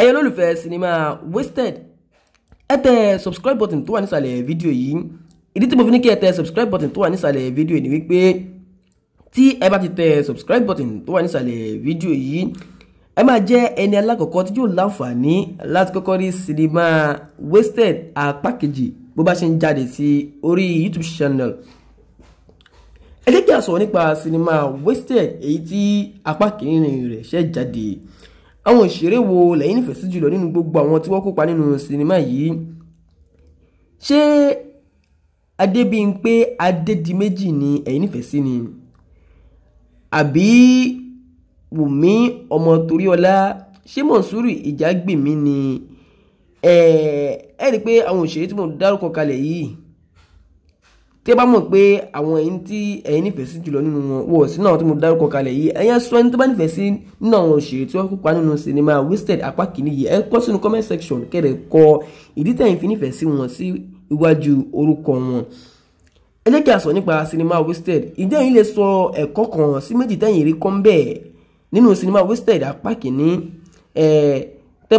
ẹ̀yin olólùfẹ́ sinimá wasted ẹ tẹ subscribe button tó wà nísàlẹ̀ fídíò yìí ìdí tí mo fi ní kí ẹ tẹ subscribe button tó wà nísàlẹ̀ fídíò yìí ni wípé tí ẹ bá ti tẹ subscribe button tó wà nísàlẹ̀ fídíò yìí ẹ máa jẹ́ ẹni alákọ̀ọ́kọ́ tí yóò láǹfààní láti kọ́kọ́ rí sinimá wasted apá kejì bó bá ṣe ń jáde sí orí youtube channel ẹ jẹ́ kí a sọ̀rọ̀ nípa sinimá wasted èyí tí apá kìíní rẹ̀ ṣẹ̀ jáde àwọn òṣèré wo lẹ́yìn nífẹ̀ẹ́ sí jùlọ nínú gbogbo àwọn tí wọ́n kópa nínú sinimá yìí ṣé Adébímpé Adédìméjì ni ẹ̀yin nífẹ̀ẹ́ sí ni àbí Wùmí ọmọ Toríọlá ṣé Mọ̀nsúrù Ìjàgbèmí ni ẹ ẹ rí i pé àwọn òṣèré tí mo dárúkọ kalẹ̀ yìí tí ẹ bá mọ̀ pé àwọn ẹ̀yin tí ẹ̀yin nífẹ̀ẹ́ sí jùlọ nínú wọn wọ̀ sínú àwọn tí mo dárúkọ kalẹ̀ yìí ẹ̀yẹn sọ ẹni tó bá nífẹ̀ẹ́ sí nínú àwọn òṣèré tí wọ́n kópa nínú sinimá wasted apá kìíní yìí ẹ kọ sínú comment section kẹrẹ kọ ìdí tẹ̀yin fi nífẹ̀ẹ́ sí wọn sí iwájú orúkọ wọn. ẹ jẹ́ kí a sọ nípa sinimá wasted ìjẹ́ yìí lè sọ ẹ̀kọ́ kan sí méjì tẹ̀yin wasted apá kìíní ẹ̀ tẹ́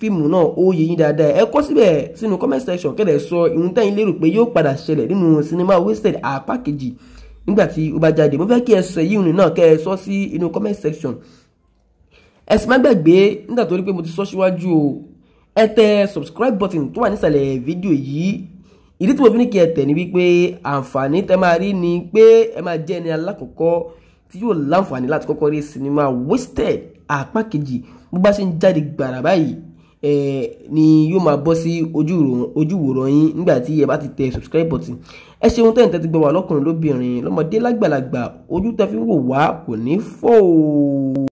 fíìmù náà ó yẹ yín dáadáa ẹ kọ síbẹ̀ sínú comment section kẹ́lẹ̀ sọ ìhun tẹ́yìn lérò pé yóò padà ṣẹlẹ̀ nínú sinimá wasted apá kejì nígbà tí ó bá jáde mo fẹ́ kí ẹ sọ yìí nù náà kẹ́ ẹ sọ sí inú comment section ẹ sì má gbàgbé nígbà tó rí pé mo ti sọ síwájú o ẹ tẹ subscribe button tó wà nísàlẹ̀ fídíò yìí ìdí tí mo fi ní kí ẹ tẹ̀ ní wípé àǹfààní tẹ máa rí ni pé ẹ máa jẹ́ ẹni alákọ̀ọ́kọ́ tí yóò láǹfààní láti kọ́kọ́ rí sinimá wasted apá kejì bó bá ṣe ń jáde gbàrà báyìí eh, ni yóò máa bọ́ sí ojúwòrán yín nígbà tí ẹ bá ti tẹ subscribe button ẹ ṣeun tẹ́yìn tẹ́tí gbọ́ wá lọ́kùnrin lóbìnrin lọ́mọdé lágbàlagbà ojú tẹ́ fi ń wò wá kò ní fọ́